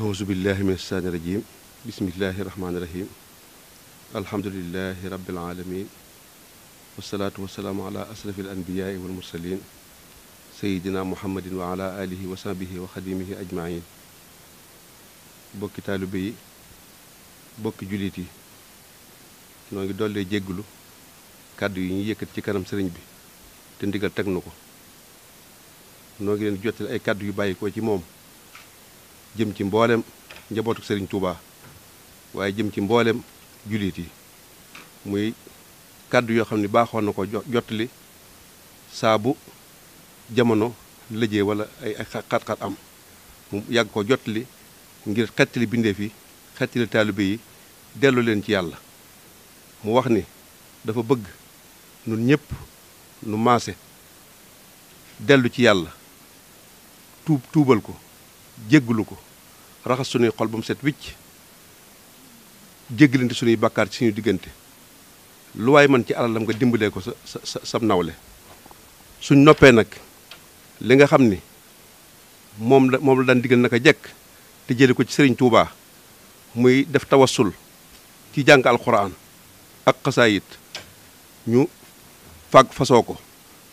auzu billahi min asaani rajim bismillahi rahmaani rahim alhamdulilahi rabbil alamin wasalaatu wasalaamu ala asrafi al wal mursalin sayidina muhammadin wa ala alihi wa sahbihi wa xadimihi ajmain bokki taalibe yi bokki jullit yi noo ngi dollee jégglu kàddu yi ñuy yëkkati ci kanam sëriñ bi te ndigal teg na ko noo ngi leen jottali ay kàddu yu bàyyikoo ci moom jëm ci mboolem njabootu seriñ Touba waaye jëm ci mboolem jullit yi muy kàddu yoo xam ni baaxoon na ko jottali saabu jamono lëjee wala ay xat-xat am mu yàgg ko jottali ngir xettali bindeef yi xettali taalibe yi dellu leen ci yàlla mu wax ni dafa bëgg nun ñëpp nu maase dellu ci yàlla tuub tuubal ko jégglu ko raxas sunuy xol ba mu set wicc jéggalante sunuy bàkkaar ci suñu diggante lu waaye man ci alalam nga dimbalee ko sa sa sam nawle suñ noppee nag li nga xam ni moom la moom la daan nag a jekk te jële ko ci sëriñ Touba muy def tawasul ci jàng alxuraan ak xasaayit ñu fàgg fasoo ko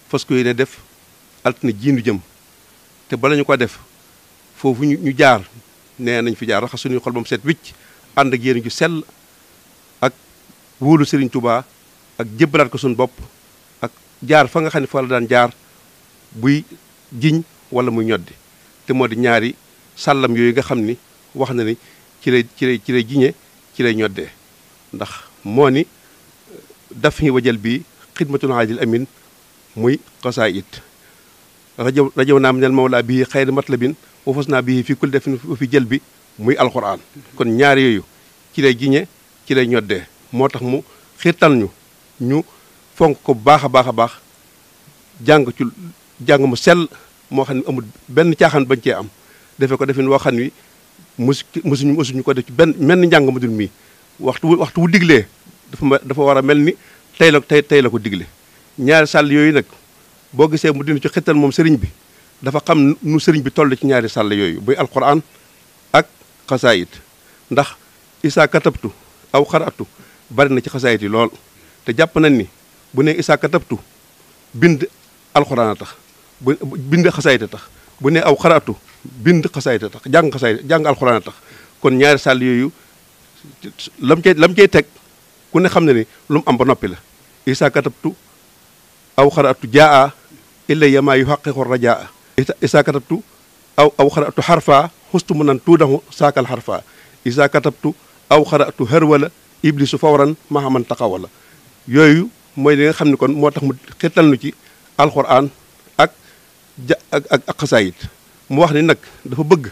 fas ko yéene def altine jiinu jëm te bala ñu ko def foofu ñu jaar nee nañ fi jaar raxas suñuy xol ba mu set wicc ànd ak yéen ju sell ak wóolu Serigne tubaa ak jébbalaat ko suñu bopp ak jaar fa nga xam ne fa la daan jaar buy jiñ wala mu ñoddi te moo di ñaari sàllam yooyu nga xam ni wax na ni ci lay ci lay ci lay jiñe ci lay ñoddee ndax moo ni daf ñi bi bii xidmatul aadil amin muy xasaa it rajo rajo naa minel mawla bii xayri matlabin wa fusnaa bii fi def defin fi jël bi muy alxuraan kon ñaari yooyu ci lay giñe ci lay ñoddee moo tax mu xiirtal ñu ñu fonk ko baax a baax a baax jàng ci jàng mu sell moo xam ne amul benn caaxaan bañ cee am defe ko defin woo xam ni mus musuñu musuñu ko def ci benn menn ni njàng ma dul mii waxtu waxtu wu diglee dafa dafa war a mel ni tey la tey tey la ko digle ñaari sàll yooyu nag boo gisee mu dina ci xittal moom sëriñ bi dafa xam nu sëriñ bi toll ci ñaari sàll yooyu buy alquran ak xasaayit ndax isaa aw xaraatu bari na ci xasaayit yi lool te jàpp nañ ni bu nee isaa katabtu bind tax bu xasaayit a tax bu nee aw xaraatu bind xasaayit a tax jàng xasaayit jàng alquran a tax kon ñaari sàll yooyu lam cay lam cay teg ku ne xam ne ni lu mu am ba noppi la isaa aw xaraatu jaa illa yama yu xaqiqu rajaa isa katabtu aw aw xaratu xarfa xustu mu nan tuudahu saakal xarfa isa katabtu aw xaratu harwala iblisu fawran mahaman taxawala yooyu mooy li nga xam ne kon moo tax mu xetal nu ci alxuraan ak xasaayit mu wax ni nag dafa bëgg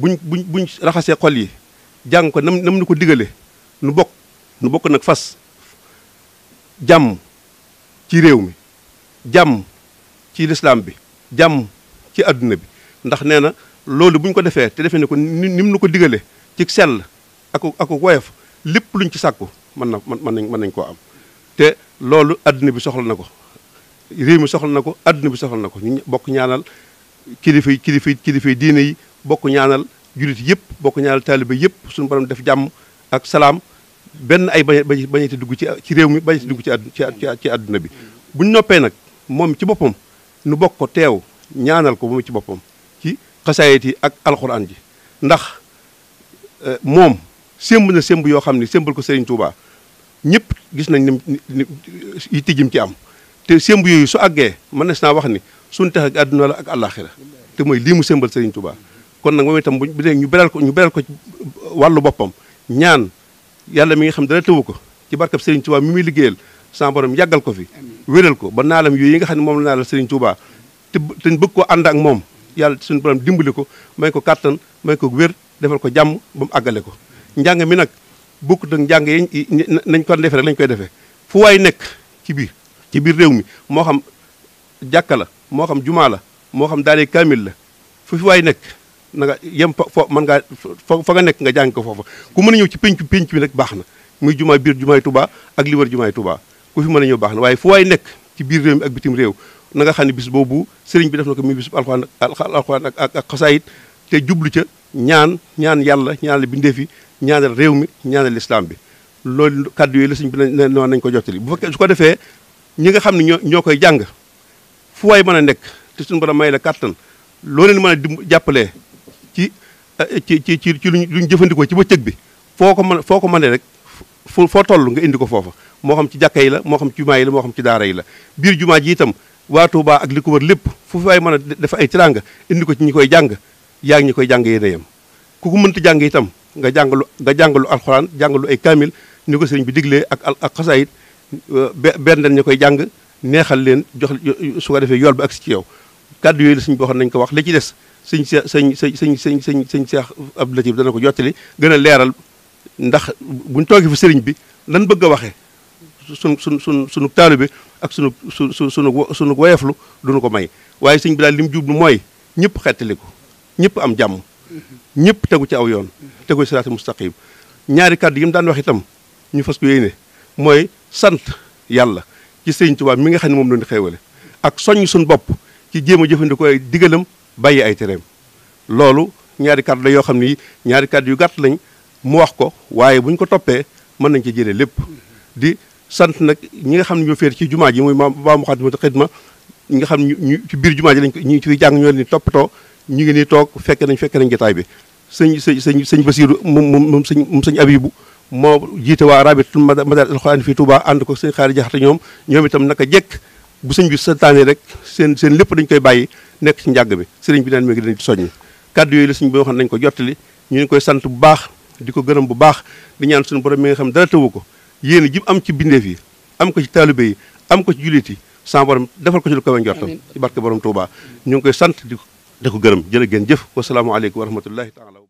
buñ buñ buñ raxasee xol yi jàng ko nam nam nu ko digale nu bokk nu bokk nag fas jàmm ci réew mi jàmm ci lislaam bi jàmm ci àdduna bi ndax nee na loolu bu ñu ko defee te defee ne ko ni mu nu ko digalee ci sell ak ak woyof lépp luñ ci sàkku mën na mën nañ mën nañ koo am te loolu àdduna bi soxla na ko réew mi soxla na ko àdduna bi soxla na ko ñu bokk ñaanal kilifa yi kilifa yi diine yi bokk ñaanal julit yëpp bokk ñaanal taaliba yëpp suñu borom def jàmm ak salaam benn ay bañ bañete dugg ci ci réew mi bañete dugg ci ci ci àdduna bi buñ noppee nag moom ci boppam nu bokk ko teew ñaanal ko ba ci boppam ci xasaayit yi ak alxuraan ji ndax eh, moom sémb na sémb yoo xam ne sémbal ko Serigne Touba ñëpp gis nañ ni yi tijjim ci am te sémb yooyu su àggee mën na si naa wax ni suñ tax ak àdduna la ak àllaaxira te mooy lii mu sembal Serigne Touba kon nag moom itam bu dee ñu beral ko ñu beral ko wàllu boppam ñaan yàlla mi ngi xam dara tëwu ko ci barkab Serigne Touba mi muy liggéeyal sama borom yàggal ko fi wéral ko ba naalam yooyu yi nga xam ne moom la naalal Serigne Touba te te bëgg ko ànd ak moom yàlla suñu borom dimbali ko may ko kattan may ko wér defal ko jàmm ba mu àggale ko njàng mi nag bokkut ak njàng yi nañ ko defee rek lañ koy defee fu waay nekk ci biir ci biir réew mi moo xam jàkka la moo xam jumaa la moo xam daale kaamil la fu fi waay nekk na nga yem fo mën ngaa fa nga nekk nga jàng ko ku mën a ñëw ci pénc pénc bi nag baax na muy jumaa biir jumaay tubaa ak li wër jumaay tubaa ku fi mën a ñëw baax na waaye fu waay nekk ci biir réew mi ak bitim réew na nga xam ne bis boobu sëriñ bi def na ko muy bisub alxuraan alxuraan ak ak xasaayit te jublu ca ñaan ñaan yàlla ñaanal bindee fi ñaanal réew mi ñaanal lislaam bi loolu kàddu yooyu la sëriñ bi noon nañ ko jottali bu fekkee su ko defee ñi nga xam ne ñoo ñoo koy jàng fu waay mën a nekk te suñu borom may la kattan loo leen mën a dim jàppalee eh, ci ci ci ci luñ luñ jëfandikoo ci bëccëg bi foo ko mën foo ko mënee rek fu foo tollu nga indi ko foofa moo xam ci jàkka yi la moo xam ci jumaa yi la moo xam ci daara yi la biir jumaa ji itam waa Tuubaa ak li ko wër lépp fu fi waay mën a def ay tiranga indi ko ci ñi koy jàng yaa ngi koy jàng yéen a yem ku ko mënta jàng itam nga jàngalu nga jàngalu alxuraan jàngalu ay kaamil ko sëriñ bi diglee ak ak xasaayit euh, benn den ñi koy jàng neexal leen jox su ko defee yool bi ak si ci yow kàddu yooyu la suñ boo xam nañ ko wax li ci des sëñ sëñ sëñ sëñ sëñ sëñ sëñ Seex Abdu Latif dana ko jottali gën a leeral ndax buñ toogee fi sëriñ bi lan bëgg a waxee sunu sunu sunu sunu taalibe ak sunu su su sunu sunu woyeflu duñu ko may waaye sëñ bi daal li mu jublu mooy ñëpp xettali ko ñëpp am jàmm ñëpp tegu ci aw yoon tegu siraati mustaqim ñaari kàddu yi mu daan wax itam ñu fas ko yéene mooy sant yàlla ci sëriñ Tuubaa mi nga xam ne moom doon xéewale ak soññ suñu bopp ci jéem a jëfandikoo ay digalam bàyyi ay tereem loolu ñaari kàddu la yoo xam ni ñaari kàddu yu gàtt lañ mu wax ko waaye bu ñu ko toppee mën nañ ci jëlee lépp di sant nag ñi nga xam ne ñoo féer ci jumaa ji muy ma baa mu xadimatu xidma ñi nga xam ne ñu ci biir jumaa ji lañ ko ñu ci jàng ñoo toppatoo ñu ngi nii toog fekke nañ fekke nañ jotaay bi sëñ sëñ sëñ sëñ Basiiru moom moom sëñ moom sëñ Abibu moo jiite waa rabitul madaal alxuraan fii Touba ànd ko sëñ xaari jaxate ñoom ñoom itam naka jekk bu sëñ bi santaane rek seen seen lépp dañ koy bàyyi nekk ci njàgg bi sëriñ bi neen mi ngi leen di soññ kàddu yooyu la sëñ nañ ko jottali ñu ngi koy sant bu baax di ko gërëm bu baax di ñaan suñu borom mi nga xam dara tëwu ko yéen jim am ci bindeef yi am ko ci taalibe yi am ko ci jullit yi sama defal ko ci lu kawe njortam ci barke borom Touba ñu ngi koy sant di ko gërëm jërë ngeen jëf wasalaamaaleykum wa rahmatullahi taala